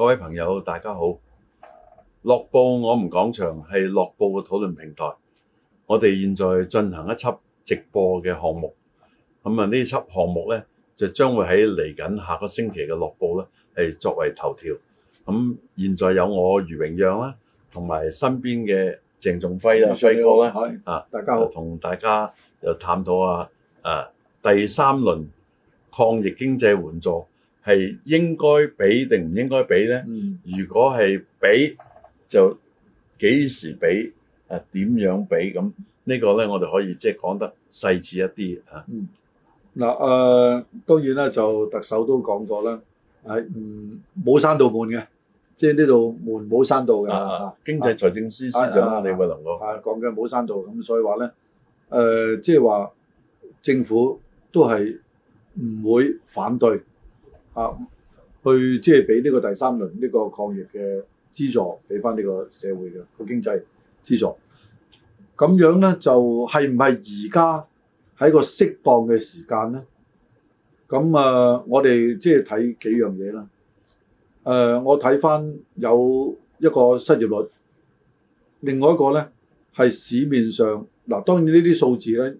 各位朋友，大家好！《樂報我唔講場》係樂報嘅討論平台，我哋現在進行一輯直播嘅項目。咁啊，呢輯項目呢，就將會喺嚟緊下個星期嘅樂報呢，係作為頭條。咁現在有我余榮陽啦，同埋身邊嘅鄭仲輝啦，余 Sir 好啊，大家好，同、啊、大家又探討下啊，第三輪抗疫經濟援助。係應該俾定唔應該俾咧？嗯、如果係俾，就幾時俾啊？點樣俾咁？個呢個咧，我哋可以即係、就是、講得細緻一啲嚇。嗱、啊嗯呃、當然啦，就特首都講過啦。唔冇、嗯、閂到門嘅，即係呢度門冇閂到嘅。啊啊啊、經濟財政司司長李偉龍講。講嘅冇閂到，咁、啊、所以話咧，誒、呃，即係話政府都係唔會反對。啊，去即係俾呢個第三輪呢個抗疫嘅資助，俾翻呢個社會嘅個經濟資助。咁樣咧就係唔係而家喺一個適當嘅時間咧？咁啊，我哋即係睇幾樣嘢啦。誒、呃，我睇翻有一個失業率，另外一個咧係市面上嗱，當然呢啲數字咧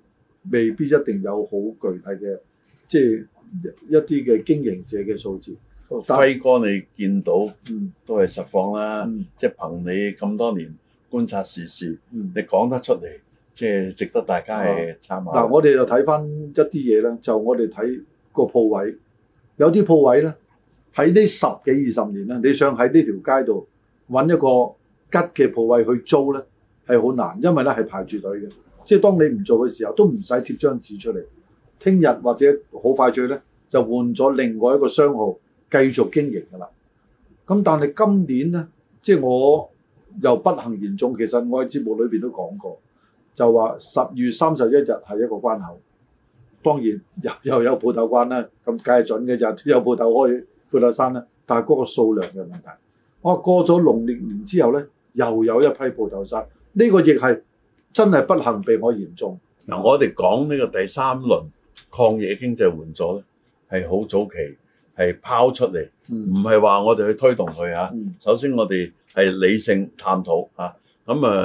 未必一定有好具體嘅，即係。一啲嘅經營者嘅數字，但輝哥你見到、嗯、都係實況啦，嗯、即係憑你咁多年觀察時事，嗯、你講得出嚟，即係值得大家嘅參考。嗱、啊啊，我哋就睇翻一啲嘢咧，就我哋睇個鋪位，有啲鋪位咧喺呢十幾二十年啦，你想喺呢條街度搵一個吉嘅鋪位去租咧，係好難，因為咧係排住隊嘅，即係當你唔做嘅時候，都唔使貼張紙出嚟。聽日或者好快脆咧，就換咗另外一個商號繼續經營㗎啦。咁但係今年咧，即係我又不幸言中。其實我喺節目裏面都講過，就話十月三十一日係一個關口。當然又又有鋪頭關啦，咁計準準嘅，就有鋪頭可以鋪頭山啦。但係嗰個數量嘅問題，我過咗農曆年之後咧，又有一批鋪頭山。呢、這個亦係真係不幸被我言中。嗱，我哋講呢個第三輪。抗疫經濟援助咧，係好早期係拋出嚟，唔係話我哋去推動佢。首先我哋係理性探討。咁啊，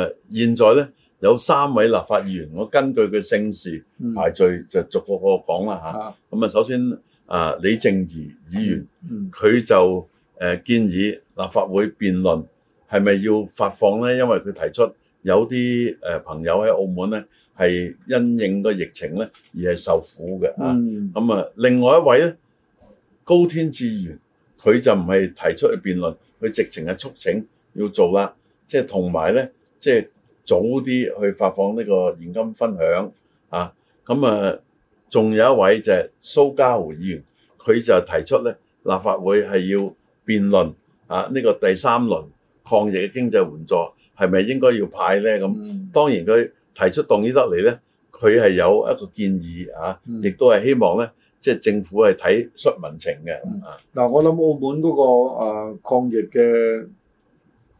啊，現在呢有三位立法議員，我根據佢姓氏排序，嗯、就逐個個講啦。咁啊，首先啊，李靜儀議員，佢就，呃、建議立法會辯論係咪要發放呢？因為佢提出有啲，呃、朋友喺澳門呢。係因應個疫情咧而係受苦嘅啊！咁、嗯、啊，另外一位咧高天賜議員，佢就唔係提出去辯論，佢直情係促請要做啦，即係同埋咧，即係早啲去發放呢個現金分享啊！咁啊，仲有一位就係蘇嘉豪議員，佢就提出咧，立法會係要辯論啊呢、呢個第三輪抗疫嘅經濟援助係咪應該要派咧？咁、啊、當然佢。提出動議得嚟咧，佢係有一個建議啊，亦都係希望咧，即係政府係睇恤民情嘅啊。嗱、嗯嗯，我諗澳門嗰、嗰個、呃、抗疫嘅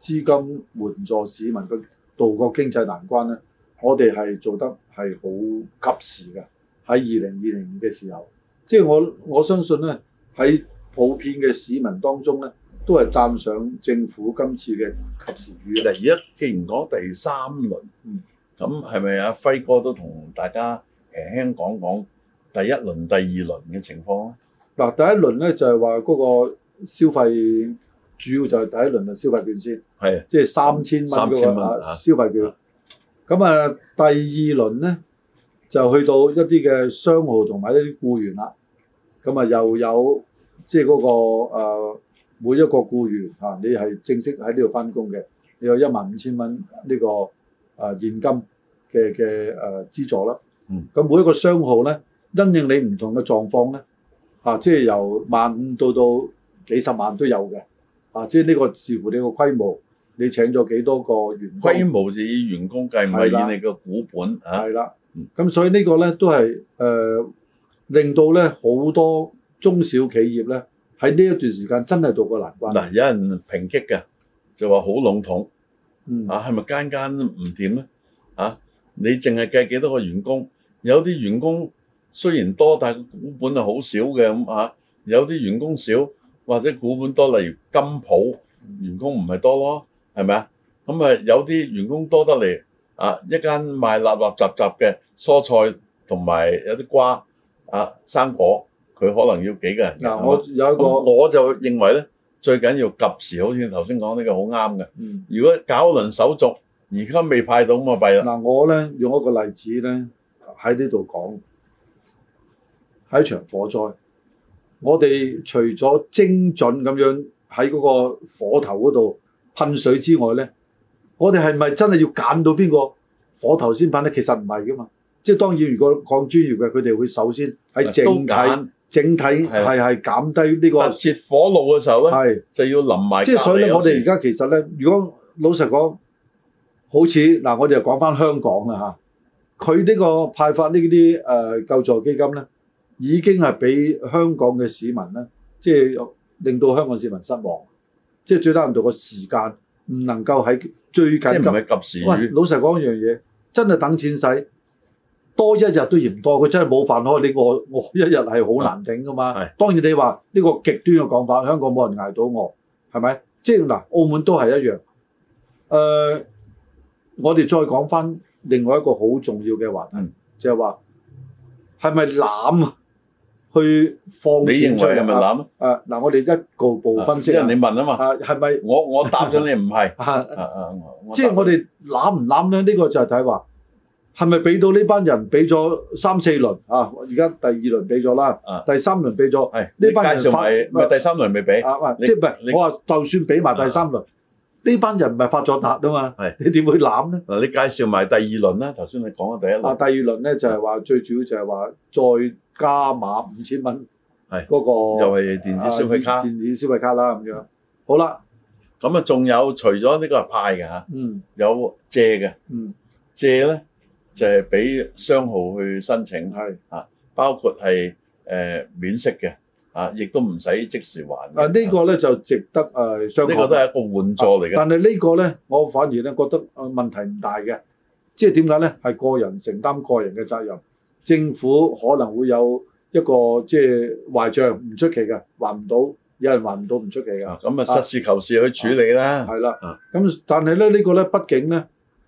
資金援助市民度渡過經濟難關咧，我哋係做得係好及時嘅，喺二零二零嘅時候，即係我我相信咧，喺普遍嘅市民當中咧，都係讚賞政府今次嘅及時雨。嗱，而家既然講第三輪，嗯。咁係咪阿輝哥都同大家輕輕講講第一輪、第二輪嘅情況，嗱，第一輪咧就係話嗰個消費主要就係第一輪嘅消費券先，係即係三千蚊嘅話消費券。咁的、那個、啊的，第二輪咧就去到一啲嘅商號同埋一啲僱員啦。咁、就是那個、啊，又有即係嗰個每一個僱員、啊、你係正式喺呢度翻工嘅，你有一萬五千蚊呢、這個。啊，現金嘅嘅誒資助啦，嗯，咁每一個商號咧，因應你唔同嘅狀況咧，啊，即係由萬五到到幾十萬都有嘅，啊，即係呢個視乎你個規模，你請咗幾多個員工？規模就以員工計，唔係以你個股本嚇，係啦，咁所以呢個咧都係誒、呃，令到咧好多中小企業咧喺呢一段時間真係渡過難關。嗱，有人抨擊嘅，就話好籠統。嗯、啊，係咪間間唔掂咧？啊，你淨係計幾多個員工？有啲員工雖然多，但係股本係好少嘅咁啊。有啲員工少或者股本多，例如金鋪員工唔係多咯，係咪啊？咁啊，有啲員工多得嚟啊，一間賣垃圾雜雜嘅蔬菜同埋有啲瓜啊生果，佢可能要幾個人？嗱、嗯，吧我有一個，我就認為咧。最緊要及時，好似你頭先講呢個好啱嘅。如果搞輪手續，而家未派到咁啊弊啦。嗱，嗯，我咧用一個例子咧喺呢度講，喺場火災，我哋除咗精準咁樣喺嗰個火頭嗰度噴水之外咧，我哋係咪真係要揀到邊個火頭先噴咧？其實唔係噶嘛，即係當然，如果講專業嘅，佢哋會首先喺正解。體。整體係係減低呢個，熱火爐嘅時候咧，係就要淋埋。即係所以咧，我哋而家其實咧，如果老實講，好似嗱，我哋又講翻香港啦嚇，佢呢個派發呢啲誒救助基金咧，已經係俾香港嘅市民咧，即係令到香港市民失望。即係最唔到個時間，唔能夠喺最近。即係唔係及時雨？老實講一樣嘢，真係等錢使。多一日都嫌多，佢真係冇飯開。你我我一日係好難頂噶嘛？當當然你話呢、呢個極端嘅講法，香港冇人捱到餓，係咪？即係嗱、呃，澳門都係一樣。誒、呃，我哋再講翻另外一個好重要嘅話題，嗯、就係話係咪濫啊？去放錢出去啊？誒嗱、啊，我哋一個部分先。即係你問啊嘛？係係咪？我我答咗你唔係。即係我哋濫唔濫咧？呢個就係睇話。係咪俾到呢班人俾咗三四輪啊？而家第二輪俾咗啦，第三輪俾咗。呢班人發咪第三輪未俾啊？唔係，即係唔係我話就算俾埋第三輪，呢班人唔係發咗達啊嘛？你點會攬咧？嗱，你介紹埋第二輪啦。頭先你講嘅第一輪。第二輪咧就係話最主要就係話再加碼五千蚊，嗰個又係電子消費卡，電子消費卡啦咁樣。好啦，咁啊仲有除咗呢個派嘅嚇，有借嘅，借咧，就係俾商號去申請，是啊，包括係誒、呃、免息嘅，啊，亦都唔使即時還。啊，這個、呢個咧就值得誒商號。呢個都係一個援助嚟嘅。但係呢個咧，我反而咧覺得問題唔大嘅，即係點解咧？係個,、就是、個人承擔個人嘅責任，政府可能會有一個即係、就是、壞賬，唔出奇嘅，還唔到，有人還唔到，唔出奇㗎。咁啊，實事求是去處理啦。係啦、啊，咁、啊啊、但係咧呢、這個咧，畢竟咧。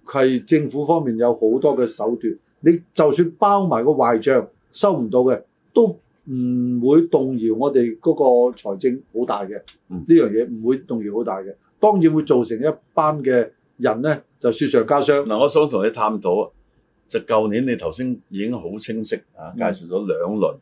佢政府方面有好多嘅手段，你就算包埋個壞賬收唔到嘅，都唔會動搖我哋嗰個財政好大嘅。嗯，呢樣嘢唔會動搖好大嘅，當然會造成一班嘅人咧就雪上加霜。嗱、嗯，我想同你探討就舊年你頭先已經好清晰啊介紹咗兩輪，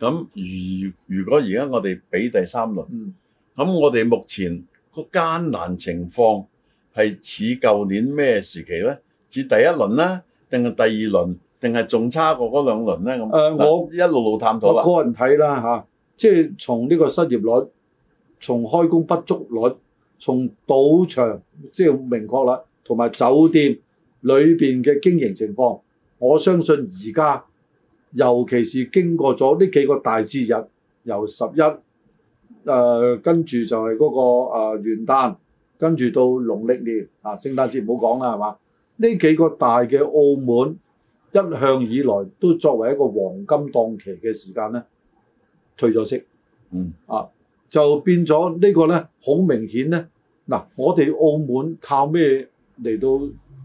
咁如、嗯、如果而家我哋俾第三輪，咁、嗯、我哋目前個艱難情況。係似舊年咩時期咧？似第一輪啦，定係第二輪，定係仲差過嗰兩輪咧？咁、呃、我一路路探討我個人睇啦、啊、即係從呢個失業率、從開工不足率、從賭場即係好明確啦，同埋酒店裏面嘅經營情況。我相信而家，尤其是經過咗呢幾個大節日，由十一誒，跟住就係嗰、嗰個、呃、元旦。跟住到農曆年啊，聖誕節唔好講啦，係嘛？呢幾個大嘅澳門一向以來都作為一個黃金檔期嘅時間咧，退咗息，嗯啊，就變咗呢個咧，好明顯咧。嗱、啊，我哋澳門靠咩嚟到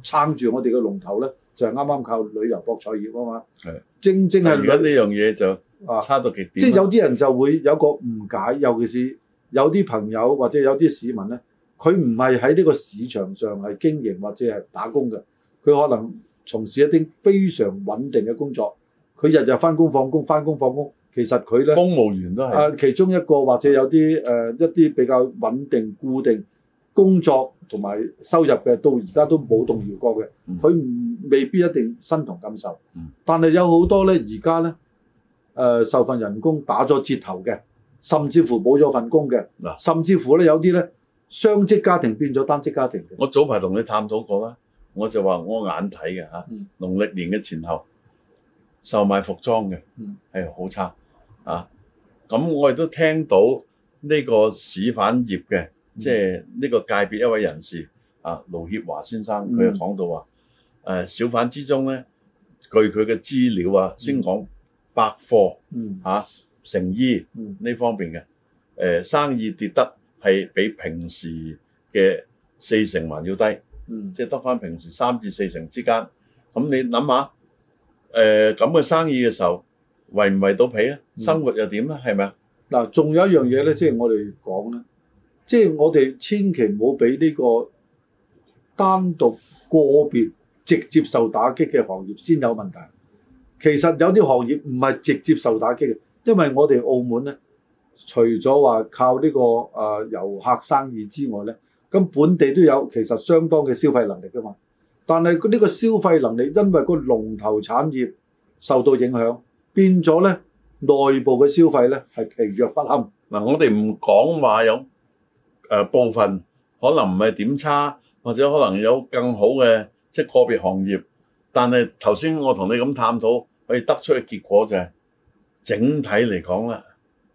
撐住我哋嘅龍頭咧？就係啱、係、啱靠旅遊博彩業啊嘛。的正正係。如果呢樣嘢就啊，差到極點即係、啊就係、有啲人就會有個誤解，尤其是有啲朋友或者有啲市民咧。佢唔係喺呢個市場上係經營或者係打工嘅，佢可能從事一啲非常穩定嘅工作，佢日日翻工放工，翻工放工。其實佢咧，公務員都係、啊、其中一個或者有啲誒一啲是、呃、比較穩定固定工作同埋收入嘅，到而家都冇動搖過嘅。佢、嗯、未必一定身同感受，嗯、但係有好多咧，而家咧誒受份人工打咗折頭嘅，甚至乎冇咗份工嘅，啊、甚至乎咧有啲咧。雙職家庭變咗單職家庭。我早排同你探討過啦，我就話我眼睇嘅嚇，嗯、農曆年嘅前後，售賣服裝嘅係好差啊。咁我亦都聽到呢個市販業嘅，即係呢個界別一位人士啊，盧協華先生佢、嗯、又講到話、呃，小販之中咧，據佢嘅資料啊，先講百貨、嗯啊、成衣呢、嗯、方面嘅、呃、生意跌得，係比平時嘅四成還要低，即係得返平時三至四成之間。咁你諗下，誒咁嘅生意嘅時候，維唔維到皮咧？生活又點咧？係咪啊？嗱，仲有一樣嘢咧，即係我哋講咧，即係我哋千祈唔好俾呢個單獨個別直接受打擊嘅行業先有問題。其實有啲行業唔係直接受打擊嘅，因為我哋澳門咧。除咗話靠呢個誒遊客生意之外咧，咁本地都有其實相當嘅消費能力㗎嘛。但係呢個消費能力，因為個龍頭產業受到影響，變咗咧內部嘅消費咧係疲弱不堪。嗱、啊，我哋唔講話有誒、呃、部分可能唔係點差，或者可能有更好嘅即係個別行業，但係頭先我同你咁探討，可以得出嘅結果就係、是、整體嚟講啦。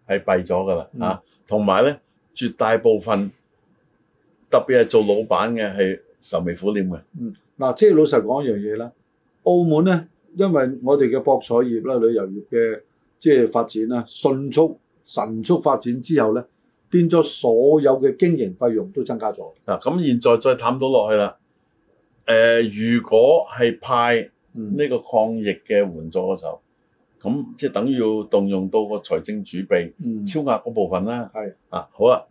係閉咗噶啦嚇，同埋咧絕大部分，特別係做老闆嘅係愁眉苦臉嘅。嗱、嗯，即係老實講一樣嘢啦，澳門咧，因為我哋嘅博彩業啦、旅遊業嘅即係發展啦，迅速神速發展之後咧，變咗所有嘅經營費用都增加咗。嗱、啊，咁現在再探到落去啦。誒、呃，如果係派呢個抗疫嘅援助嗰時候。嗯咁即係等於要動用到個財政儲備、嗯、超額嗰部分啦。係啊，好啊，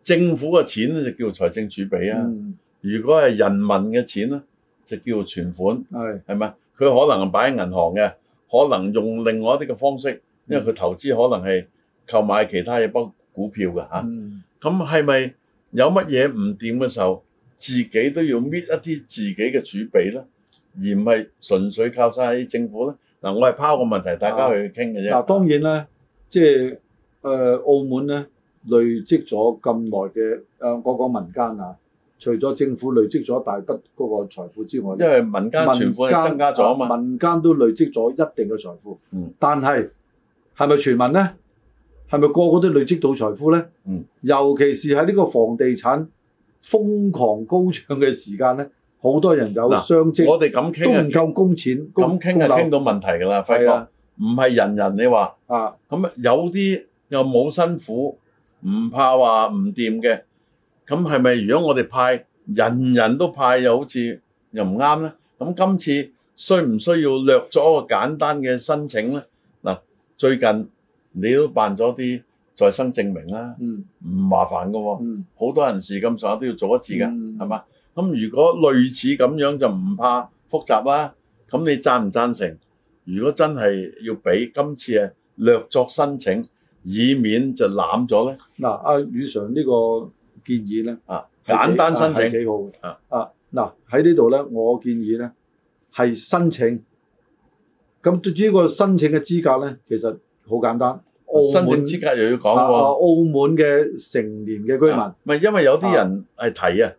政府嘅錢就叫財政儲備啊。嗯、如果係人民嘅錢咧，就叫存款。係係咪？佢可能擺喺銀行嘅，可能用另外一啲嘅方式，嗯、因為佢投資可能係購買其他嘢，包括股票嘅吓。咁係咪有乜嘢唔掂嘅時候，自己都要搣一啲自己嘅儲備咧，而唔係純粹靠曬政府咧？嗱，我係拋個問題，大家去傾嘅啫。嗱、啊啊，當然啦，即係誒澳門咧累積咗咁耐嘅誒，個、呃、個民間啊，除咗政府累積咗大筆嗰個財富之外，因為民間存款增加咗嘛間、啊，民間都累積咗一定嘅財富。嗯。但係係咪全民咧？係咪個個都累積到財富咧？嗯。尤其是喺呢個房地產瘋狂高漲嘅時間咧。好多人有相職、嗯、我哋咁都唔夠工錢。咁傾就傾到問題㗎啦。唔係人人你話啊，咁、啊、有啲又冇辛苦，唔怕話唔掂嘅。咁係咪如果我哋派人人都派又好似又唔啱咧？咁今次需唔需要略咗個個簡單嘅申請咧？嗱、啊，最近你都辦咗啲再生證明啦，唔麻煩㗎喎，好、嗯、多人事咁上下都要做一次㗎，係嘛、嗯？咁如果類似咁樣就唔怕複雜啦。咁你贊唔贊成？如果真係要俾今次略作申請，以免就攬咗咧。嗱、啊，阿宇常呢個建議咧，啊，是簡單申請幾好啊啊，嗱喺、啊、呢度咧，我建議咧係申請。咁對於呢個申請嘅資格咧，其實好簡單。門申請資格又要講喎、啊。澳門嘅成年嘅居民。唔係、啊，因為有啲人係睇啊。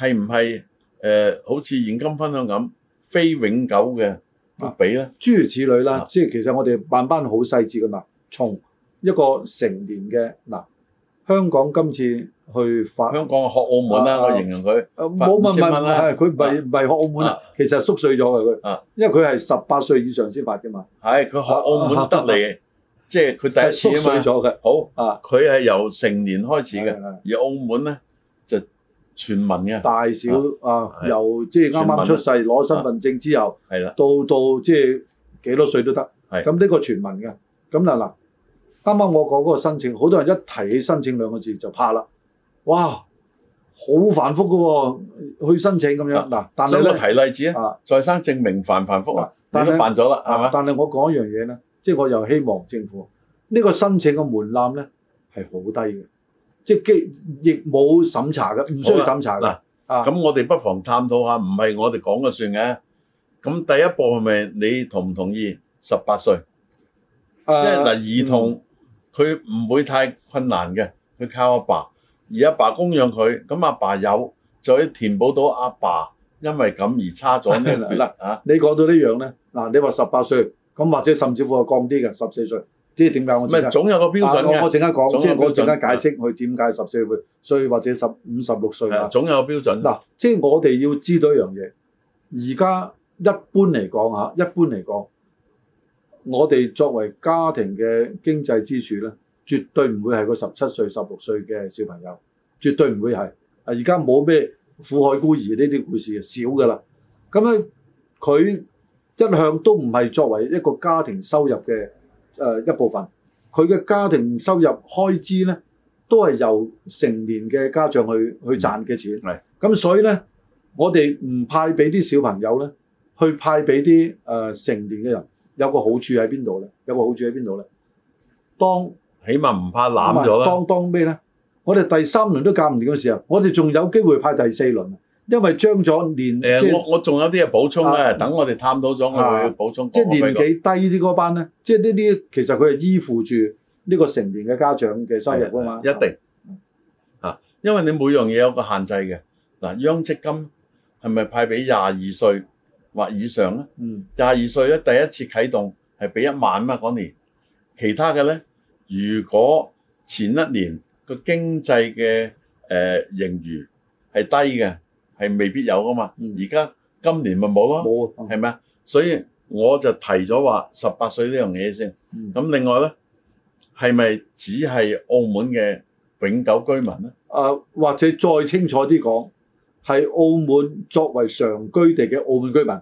係唔係誒？好似現金分享咁，非永久嘅畀咧，諸如此類啦。即係其實我哋慢慢好細緻嘅嘛。從一個成年嘅嗱，香港今次去發香港學澳門啦，我形容佢誒冇問啦，佢唔係唔係學澳門啊？其實縮水咗嘅佢，因為佢係十八歲以上先發嘅嘛。係佢學澳門得嚟嘅，即係佢第一次啊嘛，縮水咗嘅好啊，佢係由成年開始嘅，而澳門咧。全民嘅大小啊，由即係啱啱出世攞身份證之後，到到即係幾多歲都得。咁呢個全民嘅。咁嗱嗱，啱啱我講嗰個申請，好多人一提起申請兩個字就怕啦。哇，好繁複嘅喎，去申請咁樣嗱。但係咧，提例子啊，再生證明繁唔繁複啊？都辦咗啦，係嘛？但係我講一樣嘢咧，即係我又希望政府呢個申請嘅門檻咧係好低嘅。即係亦冇審查嘅，唔需要審查嘅。咁、啊、我哋不妨探討下，唔係我哋講就算嘅。咁第一步係咪你同唔同意？十八歲，即係嗱兒童，佢唔、嗯、會太困難嘅。佢靠阿爸，而阿爸供養佢，咁阿爸有就可以填補到阿爸因為咁而差咗啲啦。啊，你講到呢樣咧，嗱，你話十八歲，咁或者甚至乎係降啲嘅，十四歲。即係點解我唔，總有個標準，我我陣間講，即係我陣間解釋佢點解十四歲，所或者十五、十六歲啊，總有個標準。嗱，即係我哋要知道一樣嘢，而家一般嚟講嚇，一般嚟講，我哋作為家庭嘅經濟支柱咧，絕對唔會係個十七歲、十六歲嘅小朋友，絕對唔會係。啊，而家冇咩苦海孤兒呢啲故事，少噶啦。咁樣，佢一向都唔係作為一個家庭收入嘅。誒，一部分，佢嘅家庭收入開支咧，都係由成年嘅家長去去賺嘅錢。係，咁所以咧，我哋唔派俾啲小朋友咧，去派俾啲誒成年嘅人，有個好處喺邊度咧？有個好處喺邊度咧？當起碼唔怕攬咗啦。當當咩咧？我哋第三輪都搞唔掂嘅時候，我哋仲有機會派第四輪。因為將咗年、呃、即我我仲有啲嘢補充咧。等我哋探討咗，我會補充。即年紀低啲嗰班咧，即呢啲、就是、其實佢係依附住呢個成年嘅家長嘅收入啊嘛，一定的、啊、因為你每樣嘢有個限制嘅嗱、啊，央積金係咪派俾廿二歲或以上咧？廿二歲咧第一次啟動係俾一萬嘛嗰年，其他嘅咧，如果前一年個經濟嘅誒盈餘係低嘅。係未必有噶嘛，而家今年咪冇咯，冇，係咪啊？所以我就提咗話十八歲呢樣嘢先。咁、嗯、另外咧，係咪只係澳門嘅永久居民咧？啊，或者再清楚啲講，係澳門作為常居地嘅澳門居民，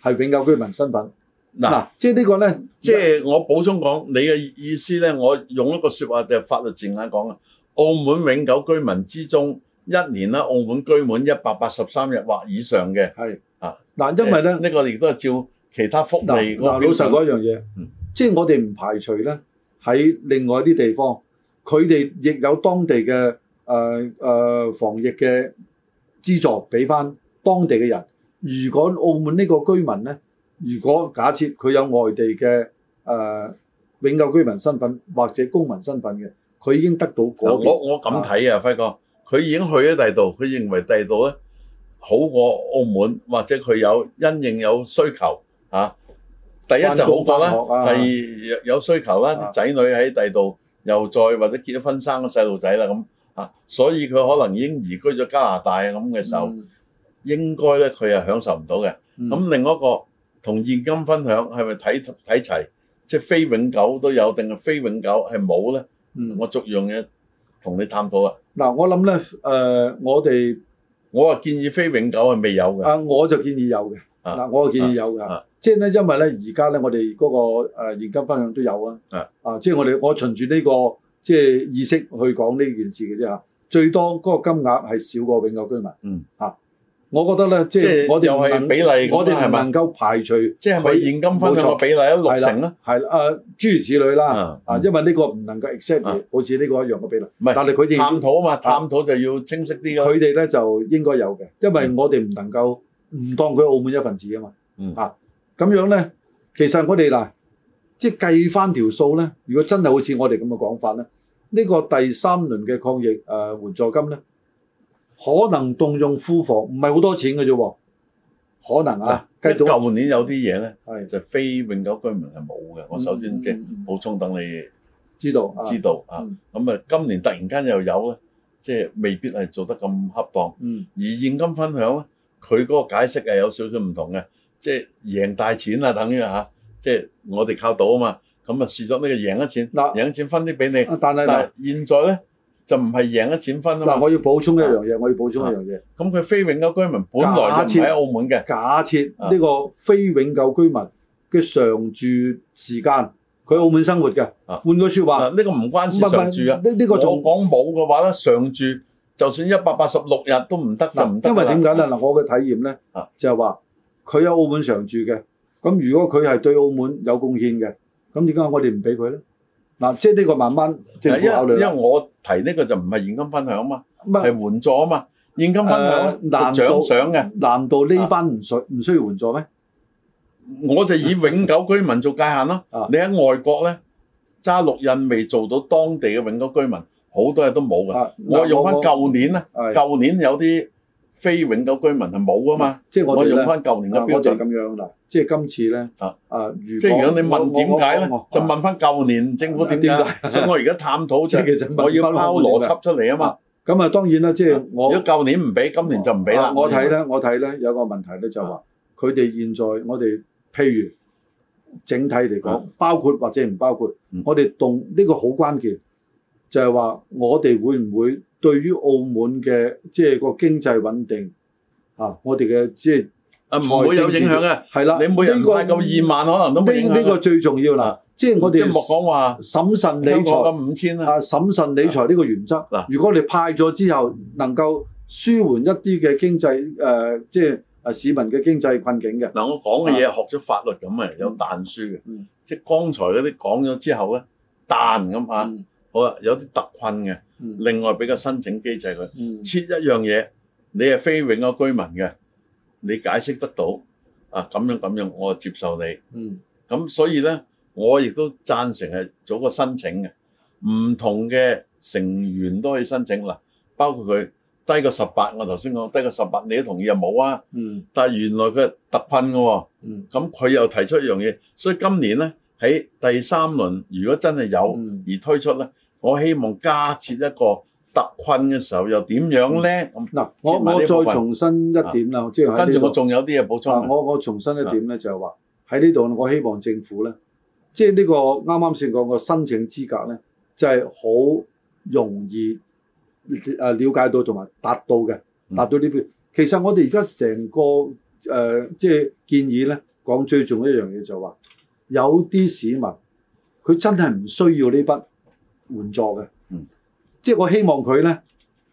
係永久居民身份。嗱喏，即係呢個咧，即係我補充講，你嘅意思咧，我用一個說話就係法律字眼講啊，澳門永久居民之中。一年啦，澳門居滿一百八十三日或以上嘅係啊，嗱，因為咧呢、欸呢個亦都係照其他福利個老實一樣嘢，一嗯、即係我哋唔排除咧喺另外啲地方，佢哋亦有當地嘅誒、呃呃、防疫嘅資助俾翻當地嘅人。如果澳門呢個居民咧，如果假設佢有外地嘅誒、呃、永久居民身份或者公民身份嘅，佢已經得到嗰、嗰個、我我咁睇啊，啊輝哥。佢已經去咗第二度，佢認為第二度咧好過澳門，或者佢有因應有需求啊，第一好啊就好過啦，第二、啊、有需求啦，啲仔、啊、女喺第二度又再或者結咗婚生咗細路仔啦，咁啊，所以佢可能已經移居咗加拿大咁嘅時候，嗯、應該咧佢係享受唔到嘅。咁、嗯、另一個同現金分享係咪睇睇齊，即非永久都有定係非永久係冇咧？嗯、我逐樣嘢同你探討啊！嗱、呃，我諗咧，誒，我哋我建議非永久係未有嘅，啊，我就建議有嘅，嗱、啊，我建議有嘅，啊、即係咧，因為咧，而家咧，我哋嗰、那個誒、呃、現金分享都有啊，啊，啊，即係我哋、嗯、我循住呢、這個即係意識去講呢件事嘅啫嚇，最多嗰個金額係少過永久居民，嗯，啊我覺得咧，即係我哋又係比例，我哋係咪能夠排除，即係咪現金分享比例一六成咧，係啦，誒諸如此類啦，啊，因為呢個唔能夠 accept，好似呢個一樣嘅比例，啊、但係佢哋探討啊嘛，啊探討就要清晰啲咯。佢哋咧就應該有嘅，因為我哋唔能夠唔當佢澳門一份子啊嘛，咁、嗯啊、樣咧，其實我哋嗱，即係計翻條數咧，如果真係好似我哋咁嘅講法咧，呢、呢個第三輪嘅抗疫誒、呃、援助金咧。可能動用庫房，唔係好多錢嘅啫喎，可能啊，繼續。舊年有啲嘢咧，係是就非永久居民係冇嘅。嗯、我首先即係補充，等你知道、嗯嗯嗯、知道啊。咁、嗯、啊，今年突然間又有咧，即、就、係、是、未必係做得咁恰當。嗯。而現金分享咧，佢嗰個解釋係有少少唔同嘅，即、就、係、是、贏大錢啊，等於吓，即、啊、係、就是、我哋靠賭啊嘛。咁啊，試咗呢個贏一錢，啊、贏一錢分啲俾你。啊、但係現在咧。就唔係贏一錢分啊嘛！我要補充一樣嘢，我要補充一樣嘢。咁佢非永久居民，本來一次喺澳門嘅。假設呢個非永久居民嘅常住時間，佢澳門生活嘅。換句説話，呢個唔關事常住啊。呢呢個我講冇嘅話咧，常住就算一百八十六日都唔得得！因為點解咧？嗱，我嘅體驗咧，就係話佢喺澳門常住嘅。咁如果佢係對澳門有貢獻嘅，咁點解我哋唔俾佢咧？嗱，即係呢個慢慢政府考慮啦。因為我提呢個就唔係現金分享嘛，係麼援助啊嘛。現金分享難、呃、獎賞嘅，難道呢班唔需唔需要援助咩？我就以永久居民做界限咯。啊、你喺外國咧，揸六印未做到當地嘅永久居民，好多嘢都冇嘅。啊、我用翻舊年啦，舊、啊、年有啲。非永久居民係冇啊嘛，即係我用翻舊年嘅標準咁樣啦。即係今次咧，啊啊，即係如果你問點解咧，就問翻舊年政府點點解。我而家探討即係其實，我要拋邏輯出嚟啊嘛。咁啊，當然啦，即係如果舊年唔俾，今年就唔俾啦。我睇咧，我睇咧，有個問題咧就係話，佢哋現在我哋譬如整體嚟講，包括或者唔包括，我哋動呢個好關鍵，就係話我哋會唔會？對於澳門嘅即係個經濟穩定啊，我哋嘅即係財政唔會有影響嘅，係啦。呢個咁二萬可能都呢呢個最重要啦。即係我哋即係莫講話審慎理財五千啊，審慎理財呢個原則嗱，如果你派咗之後，能夠舒緩一啲嘅經濟誒，即係誒市民嘅經濟困境嘅。嗱，我講嘅嘢學咗法律咁啊，有彈書嘅。即係剛才嗰啲講咗之後咧，彈咁嚇。好啦，有啲特困嘅。另外俾個申請機制佢，設一樣嘢，嗯、你係非永居居民嘅，你解釋得到啊咁樣咁樣，我接受你。咁、嗯、所以咧，我亦都贊成係做個申請嘅，唔同嘅成員都可以申請啦，包括佢低過十八，我頭先講低過十八，你都同意又冇啊。嗯、但係原來佢係特困㗎喎，咁佢、嗯、又提出一樣嘢，所以今年咧喺第三輪，如果真係有、嗯、而推出咧。我希望加設一個特困嘅時候又怎，又點樣咧？嗱，我我再重申一點啦，即係、啊、跟住我仲有啲嘢補充、啊。我我重申一點咧，就係話喺呢度，我希望政府咧，即係呢個啱啱先講個申請資格咧，就係、是、好容易誒了解到同埋達到嘅，達到呢邊。嗯、其實我哋而家成個誒即係建議咧，講最重要一樣嘢就係話，有啲市民佢真係唔需要呢筆援助嘅，嗯、即係我希望佢咧，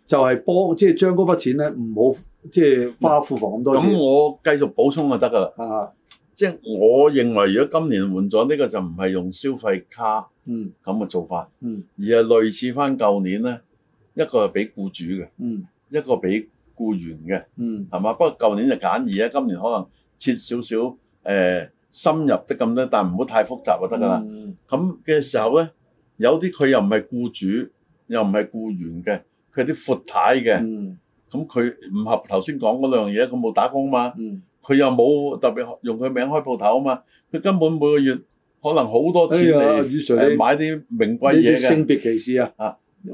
就係、是、幫即係將嗰筆錢咧唔好即係花庫房咁多錢。咁我繼續補充就得噶啦。啊、即係我認為如果今年換咗呢個就唔係用消費卡嗯，嗯，咁嘅做法，嗯，而係類似翻舊年咧，一個係俾雇主嘅，嗯，一個俾雇員嘅，嗯，係嘛？不過舊年就簡易啊，今年可能切少少，誒、呃，深入啲咁多，但係唔好太複雜就得噶啦。咁嘅、嗯、時候咧。有啲佢又唔係僱主，又唔係僱員嘅，佢係啲闊太嘅，咁佢唔合頭先講嗰兩樣嘢，佢冇打工嘛，佢、嗯、又冇特別用佢名開鋪頭啊嘛，佢根本每個月可能好多錢去買啲名貴嘢嘅。哎、呀 Sir，你你性別歧視啊！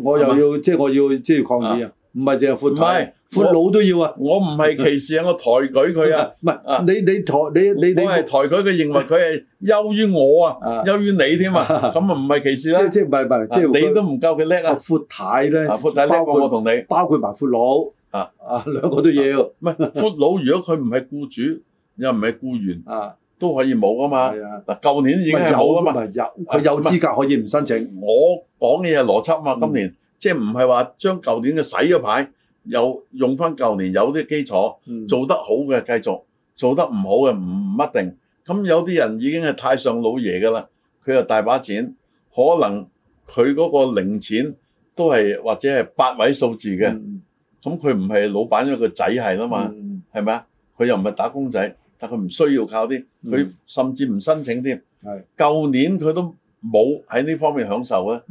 我又要即係嗎我要即係抗議啊！唔係淨係闊太。闊佬都要啊！我唔係歧視啊，我抬舉佢啊。唔係，你你抬你你你我係抬舉佢，認為佢係優於我啊，優於你添嘛咁啊，唔係歧視啦。即即唔係唔係，即你都唔夠佢叻啊。闊太咧，闊太叻，包括我同你，包括埋闊佬啊，啊兩個都要。唔係闊佬，如果佢唔係僱主又唔係僱員啊，都可以冇噶嘛。嗱，舊年已經係冇噶嘛。有佢有資格可以唔申請。我講嘢係邏輯嘛。今年即係唔係話將舊年嘅洗咗牌。有用返舊年有啲基礎，嗯、做得好嘅繼續，做得唔好嘅唔唔一定。咁有啲人已經係太上老爺㗎啦，佢又大把錢，可能佢嗰個零錢都係或者係八位數字嘅。咁佢唔係老闆一個仔係吖嘛，係咪啊？佢又唔係打工仔，但佢唔需要靠啲，佢、嗯、甚至唔申請添。係舊是年佢都冇喺呢方面享受啊，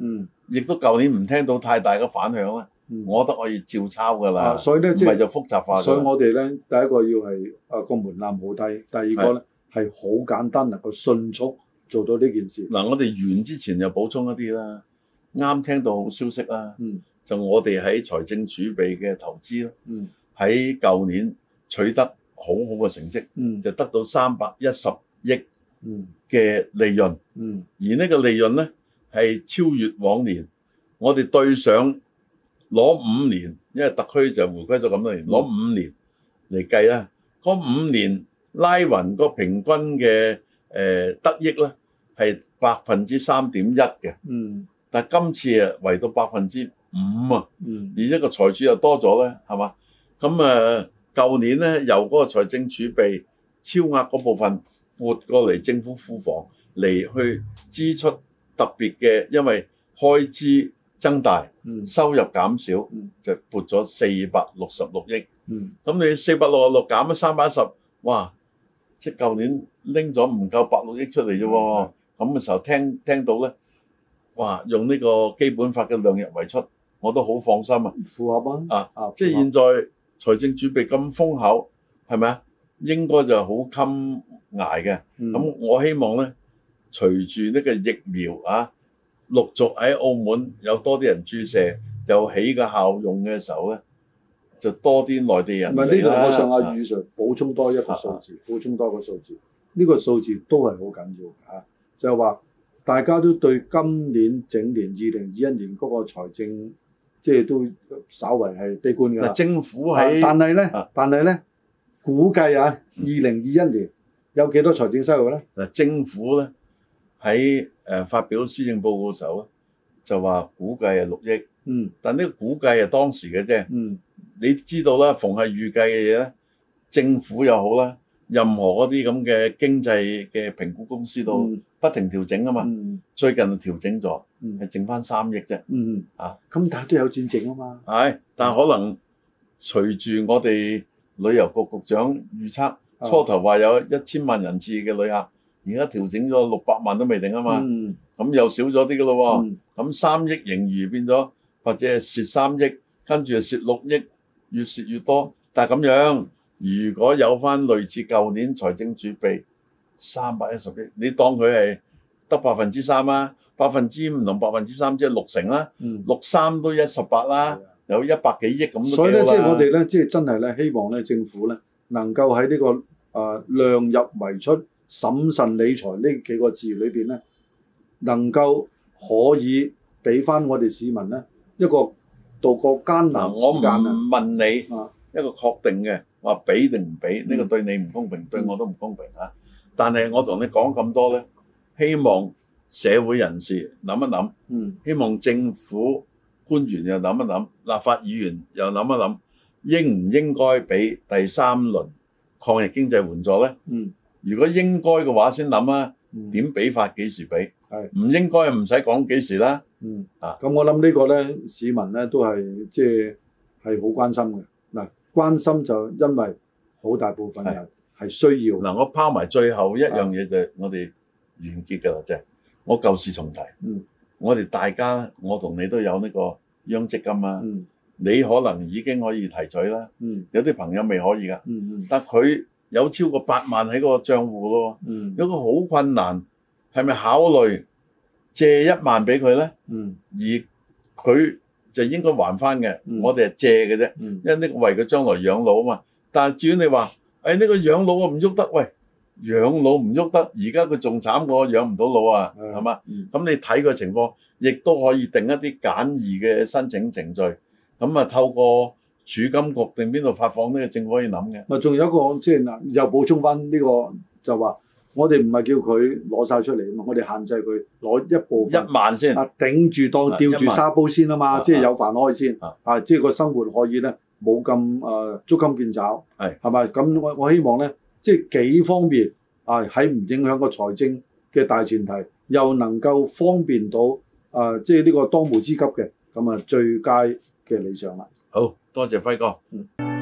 亦、嗯、都舊年唔聽到太大嘅反響啊。我覺得可以照抄㗎啦，唔係、啊就是、就複雜化。所以我哋咧，第一個要係啊個門檻好低，第二個咧係好簡單能夠迅速做到呢件事。嗱、啊，我哋完之前就補充一啲啦，啱聽到好消息啦，嗯、就我哋喺財政儲備嘅投資，嗯喺舊年取得好好嘅成績，嗯、就得到三百一十億嘅利潤，嗯、而呢個利潤咧係超越往年，我哋對上。攞五年，因為特區就回歸咗咁多年，攞五年嚟計啦。嗰五年拉勻個平均嘅誒得益咧係百分之三點一嘅。嗯，但今次啊為到百分之五啊。嗯，而一個財主又多咗咧，係嘛？咁啊，舊年咧由嗰個財政儲備超額嗰部分撥過嚟政府庫房嚟去支出特別嘅，因為開支。增大收入減少就撥咗四百六十六億，咁你四百六十六減咗三百一十，哇！即係舊年拎咗唔夠百六億出嚟啫喎，咁嘅時候聽聽到咧，哇！用呢個基本法嘅量入為出，我都好放心啊。符合啊，即係現在財政儲備咁豐厚，係咪啊？應該就好襟挨嘅。咁我希望咧，隨住呢個疫苗啊。陸續喺澳門有多啲人注射有起嘅效用嘅時候咧，就多啲內地人唔係呢度，我想阿雨 Sir 補充多一個數字，是是是補充多一個數字。呢是個,、這個數字都係好緊要嚇、啊，就係、是、話大家都對今年整年二零二一年嗰個財政，即係都稍為係悲觀㗎嗱，政府係但係咧，但係咧是是，估計啊，二零二一年有幾多財政收入咧？嗱，政府咧。喺誒發表施政報告嘅時候咧，就話估計係六億。嗯，但呢個估計係當時嘅啫。嗯，你知道啦，逢係預計嘅嘢咧，政府又好啦，任何嗰啲咁嘅經濟嘅評估公司都不停調整啊嘛。嗯、最近調整咗，係剩翻三億啫。嗯嗯，嗯啊，咁但係都有轉正啊嘛。係，但係可能隨住我哋旅遊局局長預測，嗯、初頭話有一千萬人次嘅旅客。而家調整咗六百萬都未定啊嘛，咁又少咗啲㗎咯。咁三億盈餘變咗，或者係蝕三億，跟住係蝕六億，越蝕越多。但係咁樣，如果有翻類似舊年財政儲備三百一十億，你當佢係得百分之三啊？百分之五同百分之三，即係六成啦，六三都一十八啦，有一百幾億咁。所以咧，即係我哋咧，即係真係咧，希望咧政府咧能夠喺呢個啊量入為出，審慎理財呢幾個字裏邊咧，能夠可以俾返我哋市民咧一個渡過艱難。我唔問你一個確定嘅話，俾定唔俾？呢個對你唔公平，嗯、對我都唔公平嚇。嗯、但係我同你講咁多咧，希望社會人士諗一諗，嗯、希望政府官員又諗一諗，立法議員又諗一諗，應唔應該俾第三輪抗疫經濟援助咧？嗯如果應該嘅話先諗啊，點俾法，幾時俾？唔是應該唔使講幾時啦。嗯啊，咁我諗呢個咧市民咧都係即係係好關心嘅嗱，關心就因為好大部分人係是需要嗱。我拋埋最後一樣嘢就係我哋完結㗎啦，即係是我舊事重提。嗯，我哋大家我同你都有呢個央積金啊。嗯，你可能已經可以提取啦、嗯嗯。嗯，有啲朋友未可以㗎。嗯嗯，但佢。有超過八萬喺個賬戶咯，如果個好困難，係咪考慮借一萬俾佢咧？嗯，而佢就應該還翻嘅，嗯、我哋係借嘅啫，嗯、因為呢個為佢將來養老啊嘛。但係至於你話，誒、哎、呢、呢個養老啊唔喐得，喂養老唔喐得，而家佢仲慘過養唔到老啊，係嘛的？咁你睇個情況，亦都可以定一啲簡易嘅申請程序，咁啊透過。主金確定邊度發放個正可以諗嘅。仲有一個即係嗱，又補充翻、這、呢個就話，我哋唔係叫佢攞晒出嚟啊嘛，我哋限制佢攞一部分，一萬先啊，頂住當吊住沙煲先啊嘛，即係萬有飯開先啊，即係個生活可以咧冇咁誒，捉襟、啊、見肘係係咪？咁我是我希望咧，即、就、係、是、幾方面啊，喺唔影響個財政嘅大前提，又能夠方便到誒，即係呢個當務之急嘅咁啊，最佳嘅理想啦。好。多謝費哥。嗯